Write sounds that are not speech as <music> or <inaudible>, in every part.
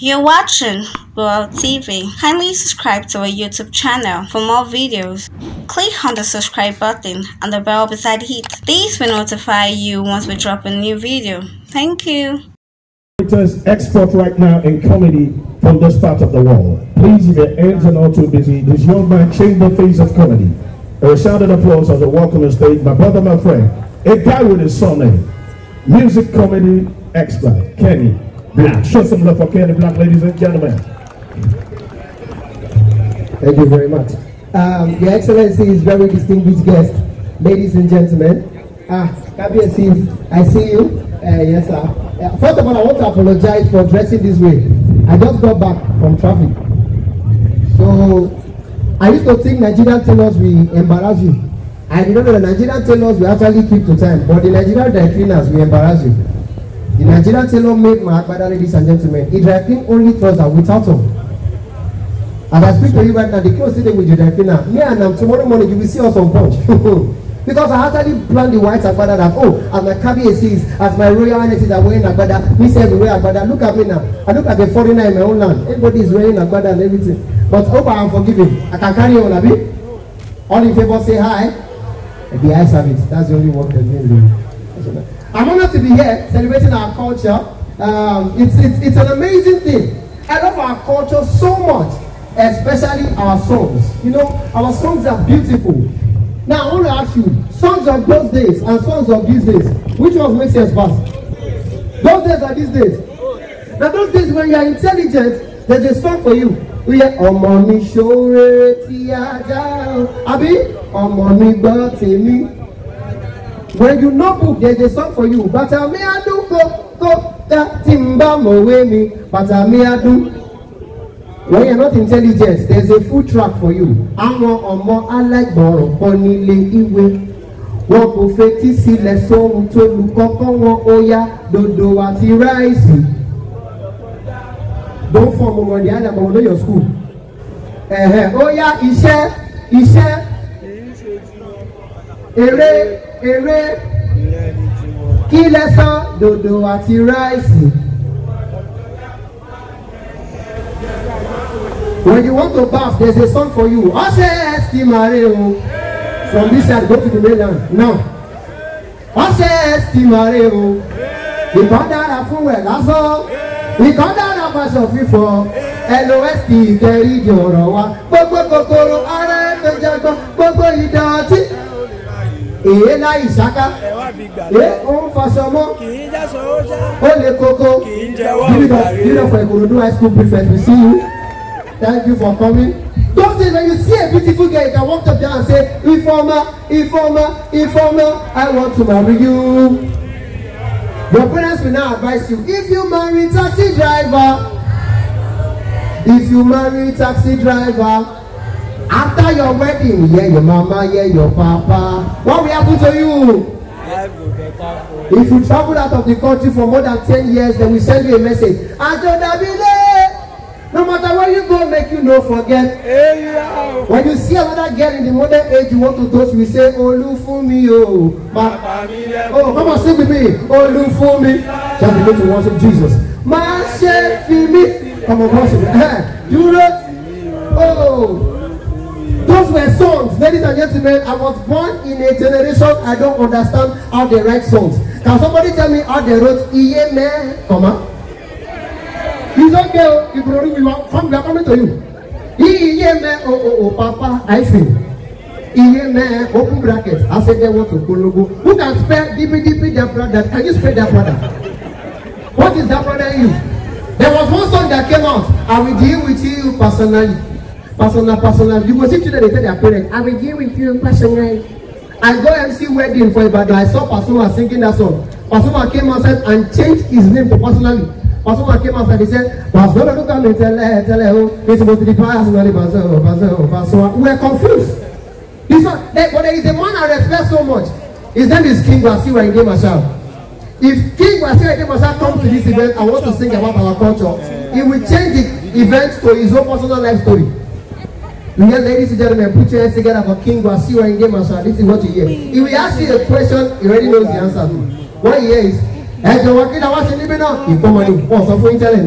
You're watching World TV. Kindly subscribe to our YouTube channel for more videos. Click on the subscribe button and the bell beside it. This will notify you once we drop a new video. Thank you. Creators export right now in comedy from this part of the world. Please, if your ends are not too busy, this young man changed the face of comedy. A shouted applause as a welcome stage, my brother, my friend, a guy with his surname, music comedy expert, Kenny Show some love for Kelly Black, ladies and gentlemen. Thank you very much. Um, Your is very distinguished guest, ladies and gentlemen. Ah, KBSC, I see you. Uh, yes, sir. Uh, first of all, I want to apologize for dressing this way. I just got back from traffic. So, I used to think Nigerian tailors will embarrass you. I didn't know the Nigerian tailors will actually keep to time, but the Nigerian dry cleaners will embarrass you. The Nigerian tailor made my agbada, ladies and gentlemen. He dry clean only trousers without them. As I speak to you right now, the clothes today with the dry Now, Me and am tomorrow morning you will see us on punch. <laughs> because I actually planned the white agbada that oh, as my is, as my royal highness that wearing agbada, me say we wear agbada. Look at me now. I look at the foreigner in my own land. Everybody is wearing agbada and everything. But hope I am forgiven. I can carry on, abi. All in favor say hi. The eyes have it. That's the only work they're doing. I'm honored to be here celebrating our culture. Um, it's, it's, it's an amazing thing. I love our culture so much, especially our songs. You know, our songs are beautiful. Now, I want to ask you, songs of those days and songs of these days, which one makes sense first? Those days are these days. Now, those days when you are intelligent, there's a song for you. We are ọmọ mi ṣoore ti ajá o. Àbí ọmọ When you no book, there's a song for you. Bàtà mi adùn kó tó ká tí n bá mọ̀wé mi. Bàtà mi adùn. When you're not intelligent, there's a full track for you. Àwọn ọmọ aláìgbọràn kọ́ nílé ìwé. Wọn kò fetí sílẹ̀ sóhun tó lu kọ́kọ́ wọn ó yá dodo àti ráìsì. Don't form ọmọ ní àdàbọ̀ wọn lóyọ̀ school. Ẹ̀hẹ̀ ó yá iṣẹ́ iṣẹ́ eré eré kí lẹ́sán dòdò àti ráìsì. When you want to baff, there's a song for you. Ọṣẹ ẹsì màrè o. From this side go to the mainland now. Ọṣẹ ẹsì màrè o. Ìkan dára fún ẹ̀ lásán. Ìkan dára fàṣọ fífọ̀. LOST ìkẹrí ìdí ọ̀rọ̀ wa. Gbogbo kòkòrò ara ẹ̀ tó jẹ gbọ́. Gbogbo ìdọ̀tí èyí láì ṣáká ẹ ó ń faṣọ mọ́ ó lè koko union for Ikorodu high school prefect we see you thank you for coming Don't say when you see a beautiful girl you can walk up there and say Ifeoma Ifeoma Ifeoma I want to marry you your parents will now advise you if you marry taxi driver if you marry taxi driver. After your wedding, hear your mama, hear your papa. What will happen to you? If you travel out of the country for more than ten years, then we send you a message. Ajodabile, no matter where you go, make you no forget. Hey, When you see another girl in the modern age you want to touch, we say, Olufumi o. Oh, come on, sing with me. Olufumi. Just begin to worship Jesus. Máa ṣe fi mí. Come on, worship. Dúró. Oh. Those were songs. Ladies and gentlemen, I was born in a generation I don't understand how they write songs. Can somebody tell me how they wrote me, comma? It's okay, Ibrori, oh. we want, come, we are coming to you. me, oh, oh, oh, Papa, I sing. me, open bracket, I said they want to Kologo. Who can spell DP DP their brother? Can you spell their brother? What is that brother you? There was one song that came out, I will deal with you personally personal, personal. You go see children, they tell their parents, I will deal with you personally. I go MC wedding for Ibadan. I saw Pasuma singing that song. Pasuma came outside and changed his name to personally. Pasuma came outside, he said, Pasuma, look at me, tell her, eh, tell her, eh, oh, it's supposed to be personally, Pasuma, Pasuma, Pasuma. We're confused. He's not, there, eh, but there is a man I respect so much. His name is King Wasiwa Inde Marshal. If King Wasiwa Inde Marshal come to this event I want to sing about our culture, he will change the event to his own personal life story. We hear, ladies and gentlemen, put your hands together for King Wasiwa and Game Master. This is what you hear. If we ask you a question, he already knows the answer. What he hears is, ẹ jọ̀wọ́ kí ni àwọn ṣe níbí náà? Ìkọ́mọ ni wọ́n sọ fún Íńtẹ́lẹ̀.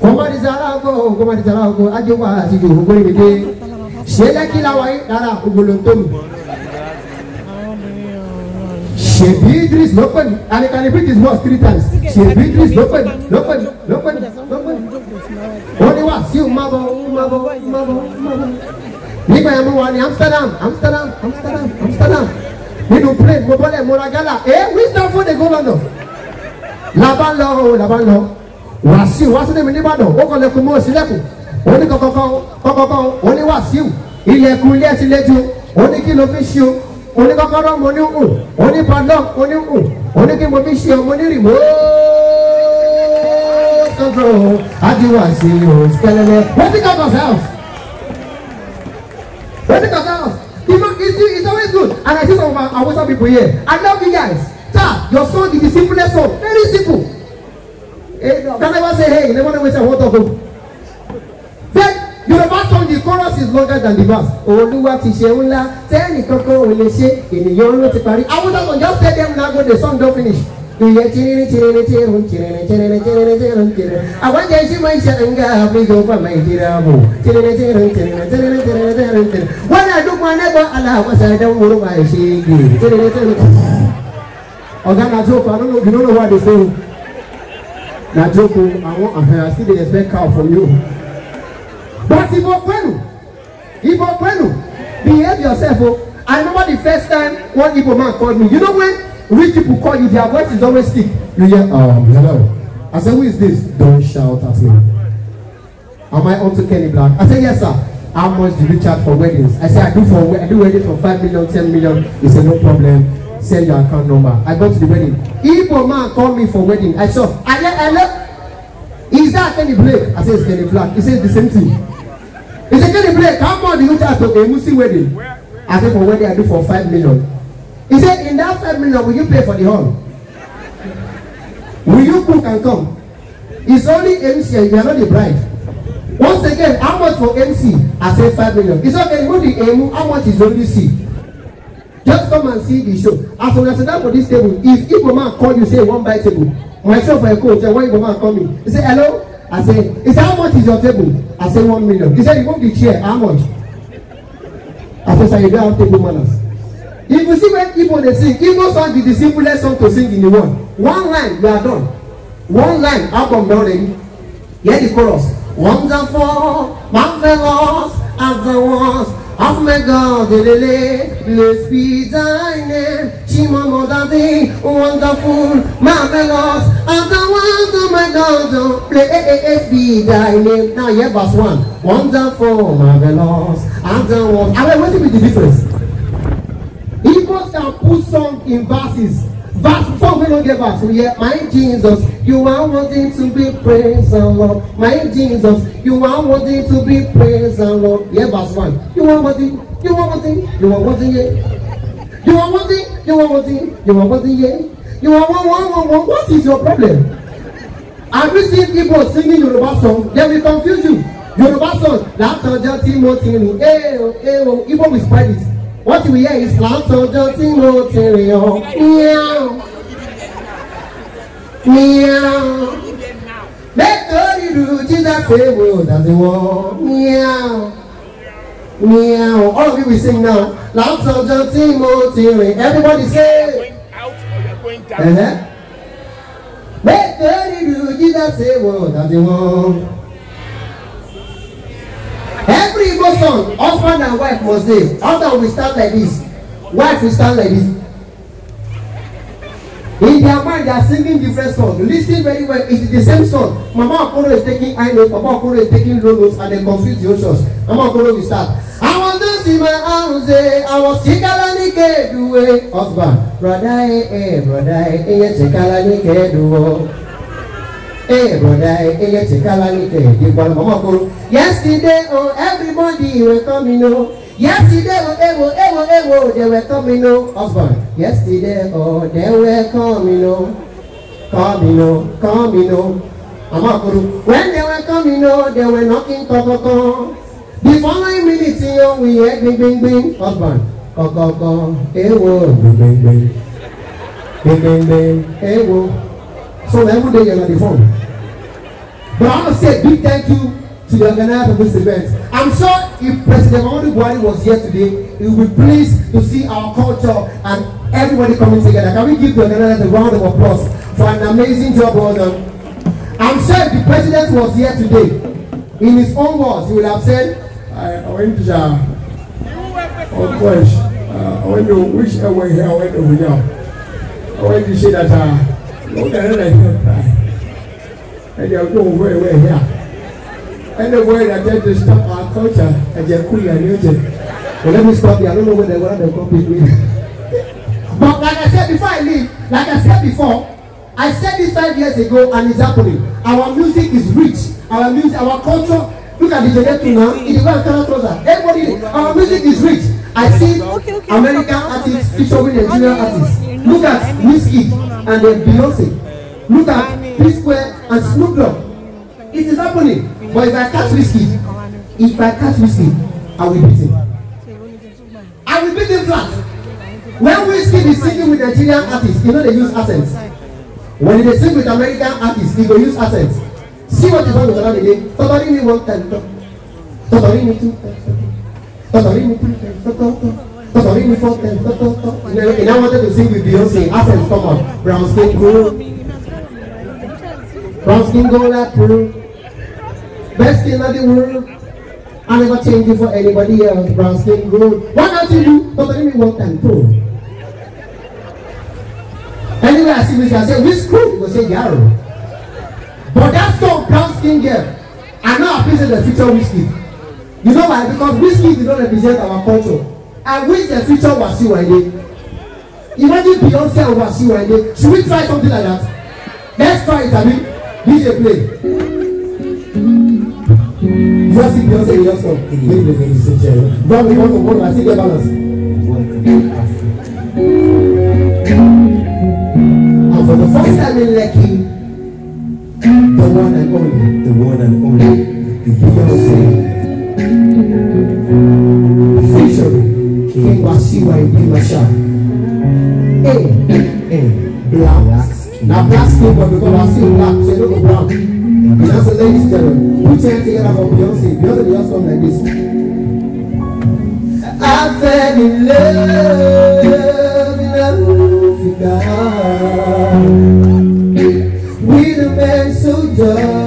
Kọ́mọdé sara ọgọ́ o, kọ́mọdé sara ọgọ́, Ajẹ́wà àti Yorùbá ìdílé. Ṣé lẹ́kí làwọn yìí dára ògbólóńtómi? ṣèbí idris ló pẹ̀lú alikani british was three times ṣèbí idris ló pẹ̀lú ló pẹ̀lú ló pẹ̀lú ló pẹ̀lú wọ́n ní Wàsíù má bọ̀ má bọ̀ má bọ̀ nígbà yẹn mo wà ní Amsterdam Amsterdam Amsterdam Amsterdam nínú plane mo bọ́lẹ̀ mo ra gala ẹ eh, wisdom fún the governor Laban lọ o làbá lọ Wàsíù wá sílẹ̀ mi nìbàdàn ó kọ́ lẹ́kùn mọ́ sílẹ̀kùn oníkọ̀kọ̀kan kọ̀kọ̀kan oníwàsíù ilẹ̀kùn ilé ẹtì lẹ́jọ́ oníkìlọ̀ fi ṣe o oníkọ̀kọ̀rọ̀ mo ní hù onípadlọ́ mo ní hù oníkìmọ̀ fi ṣe o mo ní rìmọ́ọ́ go grow. I do want to see you skelele. Where think of yourself? Where think of yourself? You know, it's, always good. And I see some of our Western people here. I love you guys. Sir, your song is the simplest song. Very simple. Hey, eh, no. Can I ever say, hey, never know where I want to go? yorùbá song the chorus is longer than the verse olúwa ti ṣe ńlá tẹ́ẹ̀nì kankan ò lè ṣe ènìyàn ló ti parí awúdàgbọ̀n just tell them na go the song don finish Biya cirene cirene cirene cirene cirene cirene cirene cirene a wajen shi mai shanga abu zo fa mai jira mu cirene cirene cirene cirene cirene cirene cirene wannan duk ma na ba Allah masa dan wuri ba shi ke cirene cirene oga na joke i no know you no know what they say na joke i wan ahan i still dey expect cow from you but ibo kwenu ibo kwenu behave yourself o oh. i remember the first time one igbo man call me you know when Rich people call you, their voice is always thick. You hear, um, hello. I say, who is this? Don't shout at me. Am I onto Kenny Black? I say yes, sir. How much do you charge for weddings? I say I do for I do weddings for five million, ten million. He say no problem. Send your account number. I go to the wedding. Igbo man call me for wedding. I saw, I let, I Is that Kenny Blake? I say it's Kenny Black. He said, the same thing. He said, Kenny Blake, how much do you charge for a Musi wedding? I say for wedding, I do for five million. He said, in that five million, will you pay for the hall? Will you cook and come? It's only MC and you are not the bride. Once again, how much for MC? I said five million. It's okay, Who the EMU, how much is only C? Just come and see the show. As for that for this table, if Igbo man call you, say one by table. Myself for a coach, say one Igbo man call me. He said, hello? I said, he said, how much is your table? I said, one million. He said, you want the chair, how much? I said, sir, you don't have table manners if you see when people dey sing igbo song be the simplest song to sing in the world one line you are done one line album don ready hear the chorus wonderful marvelous as the ones of my god elele blessed be thy name chimamodadi wonderful marvelous as the ones of oh my god blessed oh, be thy name now hear verse one wonderful marvelous as the ones abeg wetin be the difference. Igbos can put song in verses. Verse song wey no get verse. We hear my Jesus, you are wanting to be praised and loved. My Jesus, you are wanting to be praised and loved. yeah, verse one. You are wanting. You are wanting. You are wanting Yeah. You are wanting. You are wanting. You are wanting Yeah. You are one one one one. What is your problem? Have you seen Igbo singing Yoruba song? They will confuse you. Yoruba song. That's tí mo ti rìn. Ee o, ee o, will spread it wọ́n ti wíyẹ́ islam tọjọ́ tí mo ti rìn ọ́ yíyán yíyán nítorí ìlú jesus èwo dàbí wọ́n yíyán yíyán all of you we sing now islam tọjọ́ tí mo ti rìn everybody say. Uh-huh. nítorí ìlú jesus èwo dàbí wọ́n. son husband and wife was there after we stand like this wife will stand like this in their mind they are singing different song. lis ten very well it is the same song mama okoro is taking high notes papa okoro is taking low notes and they confuse the whole church mama okoro will start i was just in my house eh i was chikalani keduwe husband brother eh eh brother eh eh chikalani keduwo. Hey brother, hey let's take a look at the one mama go. Yesterday, oh everybody were coming oh. Yesterday, oh hey eh, oh hey eh, oh hey eh, oh, they were coming oh. Husband, yesterday, oh they were coming oh, coming oh, coming oh. Mama Kuru, when they were coming oh they were knocking kokoko. The following minute, oh we heard bing bing bing. Husband, kokoko, hey oh bing bing bing, bing bing bing, oh. So every day you're on the phone. But I want to say a big thank you to the organizer of this event. I'm sure if President Mahmoud Buhari was here today, he would be pleased to see our culture and everybody coming together. Can we give the organizers a round of applause for an amazing job well done? I'm sure if the president was here today, in his own words, he would have said, I, I went to uh, of course, uh, I went to wish I uh, here, I went over here. I went to say that uh, wotɛne na ɛyɛ pra ɛdeɛ ɔdo wo wɛ wɛ hia ɛne wɛ na deɛ de stop our culture ɛdeɛ ku yɛ ne gye but let me stop here i don't know whether one of them come pick me but like i said before i leave like i said before i said this five years ago and it's happening our music is rich our music our culture look at the jade tuna he dey wear color trouser everybody our music is rich i see okay, okay, american artists featuring nigerian artists. Look at Wizkid and then Beyonce. Look at P and Snoop Dogg. It is happening. But if I catch Wizkid, if I catch Wizkid, I will beat him. I will beat him flat. When Wizkid is singing with Nigerian artists, you know they use accents. When they sing with American artists, they go use accents. See what is done with Olamide. Tọ́tọ́rí mi one time tọ́. ni two times tọ́. ni three times tọ́ Because I think we thought eh, that, You know, and I wanted to sing with Beyonce. After come on, brown skin girl, brown skin girl like true. best thing in the world. I never change it for anybody else. Brown skin girl. Why not you do? Because I think we want time too. Anyway, I see this guy say, which school? He will say, Yarrow. But that song, brown skin girl, I know I appreciate the future whiskey. You know why? Because whiskey did not represent our culture. I wish the future was you Wale. Imagine Beyonce or was you Wale. Should we try something like that? Let's try it, I mean. DJ play. Just see Beyonce in your song. Play the thing, sit here. But we want to hold my single balance. And for the first time in Lekki, the one and only, the one and only, the Beyonce. Featuring ni wasiwa ikimasha eh eh black now black skin but because wasi black so you don't go brown because ladies and gentlemen put your hand together for Beyonce Beyonce dey just come like this. I fell in love in Africa with a man so dark.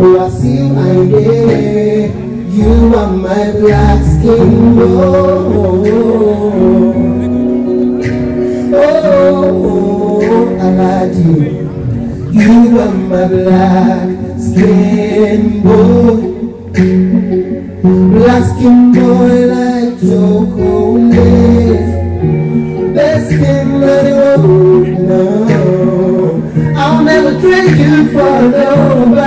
Wasiu Ayinde, you are my black skin boy. Oh, Alaji, oh, you are my black skin boy. Oh. Black skin boy like chocolate. Best skin the world. no. I'll never trade you for love.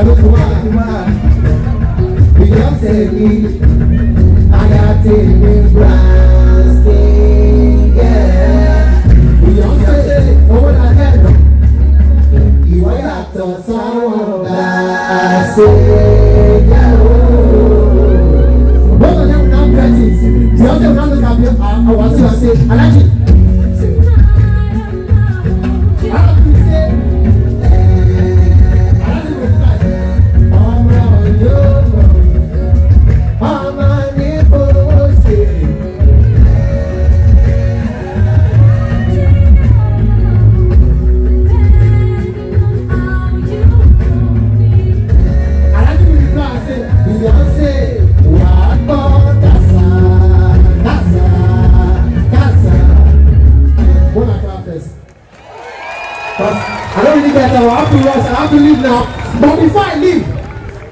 ọkọ ló fún wa ti wá ìjọsẹ̀ mi àyà tèmi brasé gẹ̀ ìjọsẹ̀ owó la fẹ́ lọ ìwọ yàtọ̀ sáwọn brasé. leave now. But before I leave,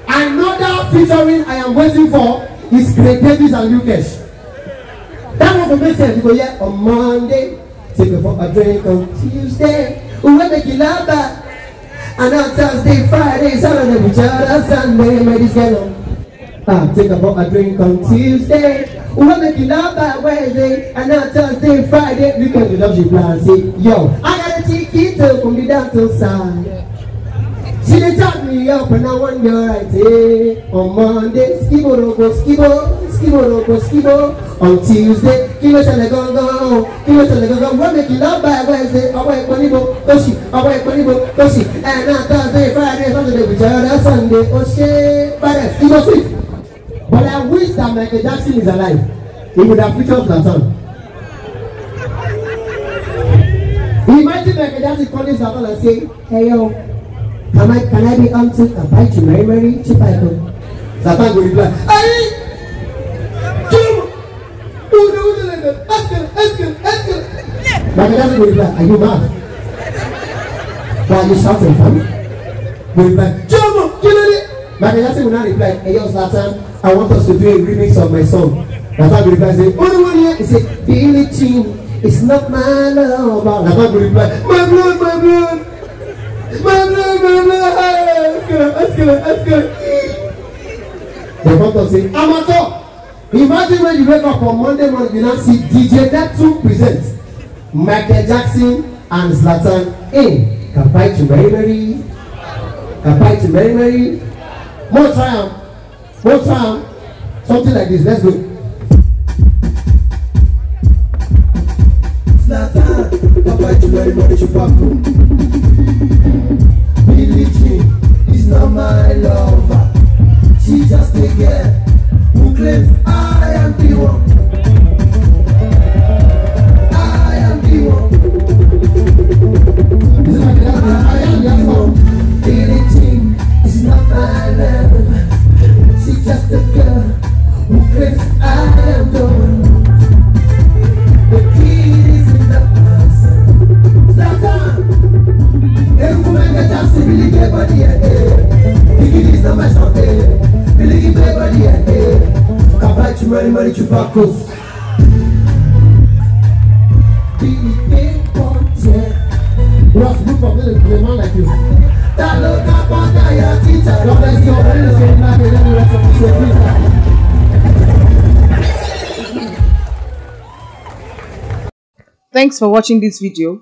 another featuring I am waiting for is Greg Davis and Lukesh. That one go make sense. You go hear on Monday, take a for a drink on Tuesday. We will make you laugh back. And on Thursday, Friday, Saturday, we chat Sunday, ladies get on. Ah, take a for a drink on Tuesday. We will make you laugh back Wednesday. And on Thursday, Friday, we can love you, Blasey. Yo, I got a ticket to from the down to side. Teacher me up and I wonder I day On Monday, skibo rogo skibo, skibo rogo skibo On Tuesday, kilo ṣẹlẹ̀ gangan, kilo ṣẹlẹ̀ gangan Wọ́n mi kìlọ̀ bá ẹ̀wọ́ ẹ̀sẹ̀ ọwọ́ ẹ̀pọ̀ níbo oṣì, ọwọ́ ẹ̀pọ̀ níbo oṣì Ẹ̀ẹ́dá Thursday, Friday, Saturday, Bùjọ́rọ̀ Sunday, oṣè Bẹ́rẹ̀ skibo sweet But I wish that Michael Jackson is alive. He would have featured Platon. Imagine Michael Jackson calling his Platon and saying, Hey yo. Can I can I be answered and buy to Mary Mary tí pàìkọ? Bàbá àgbò ìlú à. Ayé kìlọ̀ wúlò wúlò lẹ́nu ẹ̀sìkẹ̀ ẹ̀sìkẹ̀ ẹ̀sìkẹ̀. Bàbá àgbò ìlú à, are you mad? Why are you shouting for me? Gbò ìlú à. Kìlọ̀ mọ̀ kìlọ̀ dé. Bàbá àgbò ìlú à reply, ẹ̀yọ́ Satan, I want us to do a remix of my song. Bàbá àgbò ìlú à say, wúlò wúlò yẹn, he said, the only thing is not my love. Bàbá àgbò ìlú à, my blood, my blood. The doctor say, Amateur, imagine when you wake up on Monday morning, you see DJ Neptune present Michael Jackson and Zlatan in Kapai to Mary Mary, Kapai to Mary Mary, more triumph, more triumph, something like this. Let's go. Zlatan, Kapai to Mary Mary, Chupaku. Military not my lover. She's just a girl who claims I am the one. I am not my lover. She's just a girl. sensibilité variété Utilise ma santé L'équité variété Capable tu m'as tu pas cause man like you. Thanks for watching this video.